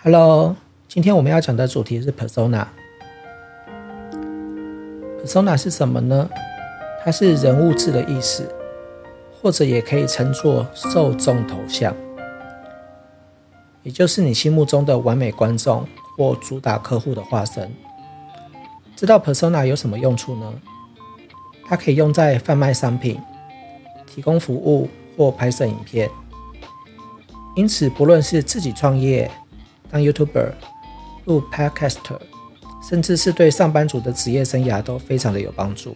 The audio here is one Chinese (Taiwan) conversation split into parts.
Hello，今天我們要講的主題是 Persona。Persona 是什麼呢？它是人物誌的意思，或者也可以稱作受眾頭像，也就是你心目中的完美觀眾或主打客戶的化身。知道 Persona 有什麼用處呢？它可以用在販賣商品、提供服務或拍攝影片。因此，不論是自己創業，當 YouTuber、錄 Podcaster，甚至是對上班族的職業生涯都非常的有幫助。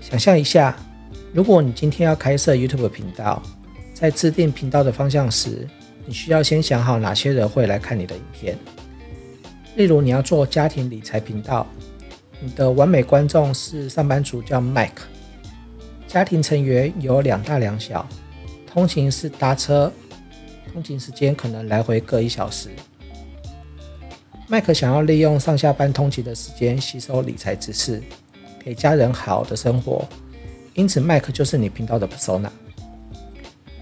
想象一下，如果你今天要開設 YouTube 頻道，在制定頻道的方向時，你需要先想好哪些人會來看你的影片。例如，你要做家庭理財頻道，你的完美觀眾是上班族叫 Mike，家庭成員有兩大兩小，通勤是搭車。通勤時間可能來回各一小時。麥克想要利用上下班通勤的時間吸收理財知識，給家人好的生活。因此，麥克就是你頻道的 Persona。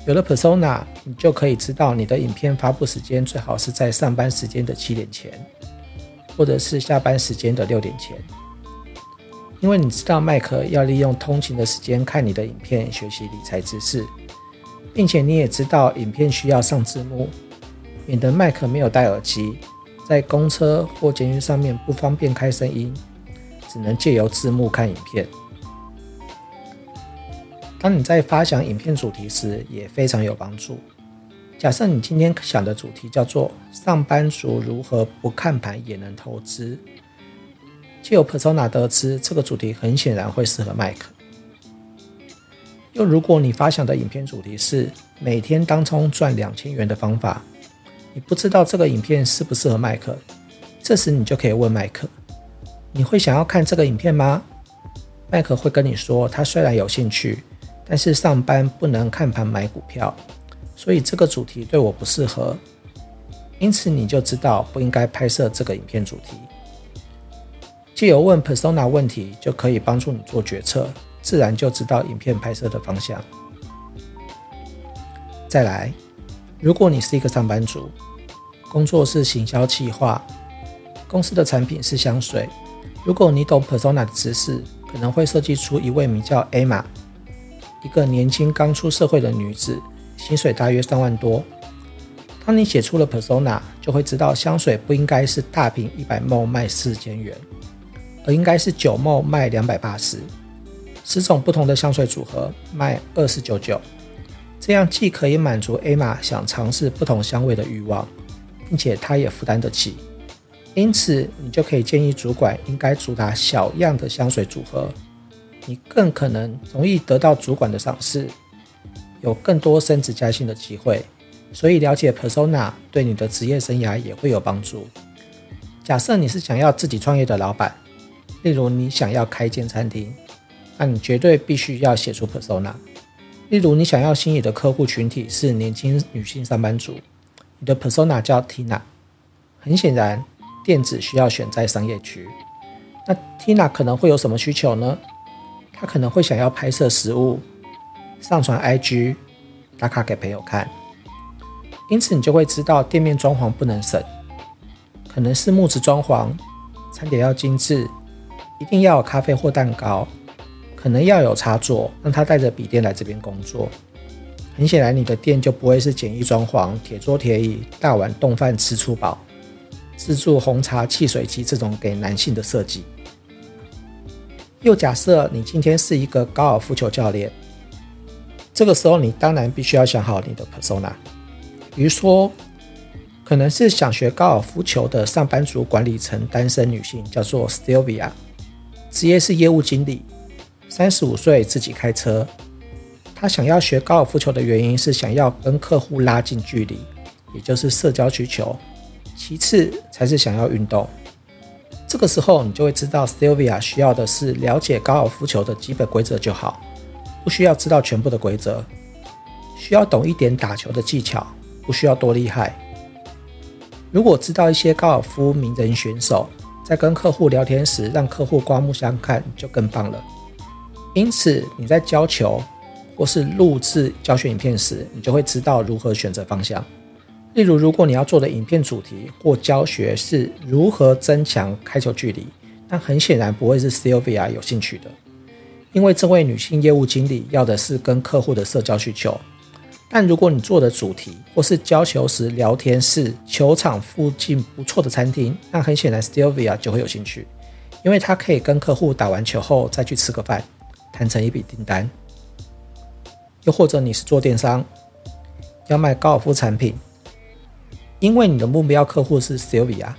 有了 Persona，你就可以知道你的影片發布時間最好是在上班時間的七點前，或者是下班時間的六點前。因為你知道麥克要利用通勤的時間看你的影片，學習理財知識。並且你也知道，影片需要上字幕，免得麥克沒有戴耳機，在公車或監獄上面不方便開聲音，只能借由字幕看影片。當你在發想影片主題時，也非常有幫助。假設你今天想的主題叫做“上班族如何不看盤也能投資”，藉由 Persona 得知這個主題很顯然會適合麥克。又，如果你發想的影片主題是每天當沖賺兩千元的方法，你不知道這個影片適不適合麥克，這時你就可以問麥克：“你會想要看這個影片嗎？”麥克會跟你說：“他雖然有興趣，但是上班不能看盤買股票，所以這個主題對我不適合。”因此你就知道不應該拍攝這個影片主題。借由問 persona 問題，就可以幫助你做決策。自然就知道影片拍攝的方向。再來，如果你是一個上班族，工作是行銷企劃，公司的產品是香水，如果你懂 Persona 的知識，可能會設計出一位名叫 Emma，一個年輕剛出社會的女子，薪水大約三萬多。當你寫出了 Persona，就會知道香水不應該是大瓶一百毫升賣四千元，而應該是九毫升賣兩百八十。十種不同的香水組合賣二四九九，這樣既可以滿足艾瑪想嘗試不同香味的慾望，並且她也負擔得起。因此，你就可以建議主管應該主打小樣的香水組合，你更可能容易得到主管的賞識，有更多升職加薪的機會。所以，了解 Persona 對你的職業生涯也會有幫助。假設你是想要自己創業的老板，例如你想要開一間餐廳。那你絕對必須要寫出 persona。例如，你想要吸引的客戶群體是年輕女性上班族，你的 persona 叫 Tina。很顯然，店址需要選在商業區。那 Tina 可能會有什麼需求呢？她可能會想要拍攝食物，上傳 IG，打卡給朋友看。因此，你就會知道店面裝潢不能省，可能是木質裝潢，餐點要精致，一定要有咖啡或蛋糕。可能要有插座，讓他帶着筆電來這邊工作。很顯然，你的店就不會是簡易裝潢、鐵桌鐵椅、大碗凍飯吃粗飽、自助紅茶、汽水機這種給男性的設計。又假設你今天是一個高爾夫球教練，這個時候你當然必須要想好你的 persona，比如說，可能是想學高爾夫球的上班族、管理層、單身女性，叫做 Sylvia，職業是業務經理。三十五歲自己開車，他想要學高爾夫球的原因是想要跟客戶拉近距離，也就是社交需求。其次才是想要運動。這個時候你就會知道 Sylvia 需要的是了解高爾夫球的基本規則就好，不需要知道全部的規則，需要懂一點打球的技巧，不需要多厲害。如果知道一些高爾夫名人選手在跟客戶聊天時讓客戶刮目相看，就更棒了。因此，你在教球或是錄制教學影片時，你就會知道如何選擇方向。例如，如果你要做的影片主題或教學是如何增強開球距離，那很顯然不會是 Stevia 有興趣的，因為這位女性業務經理要的是跟客戶的社交需求。但如果你做的主題或是教球時聊天是球場附近不錯的餐廳，那很顯然 Stevia 就會有興趣，因為她可以跟客戶打完球後再去吃個飯。談成一筆訂單，又或者你是做電商，要賣高爾夫產品，因為你的目標客戶是 Sylvia，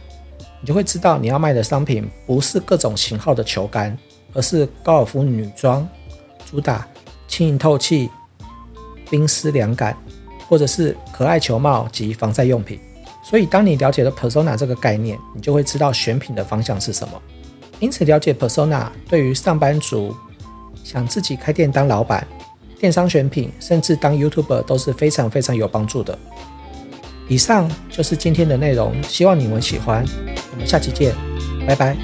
你就會知道你要賣的商品不是各種型號的球桿，而是高爾夫女裝，主打輕盈透氣、冰絲涼感，或者是可愛球帽及防曬用品。所以，當你了解了 Persona 這個概念，你就會知道選品的方向是什麼。因此，了解 Persona 對於上班族。想自己開店當老闆，電商選品，甚至當 YouTuber 都是非常非常有幫助的。以上就是今天的內容，希望你們喜歡。我們下期見，拜拜。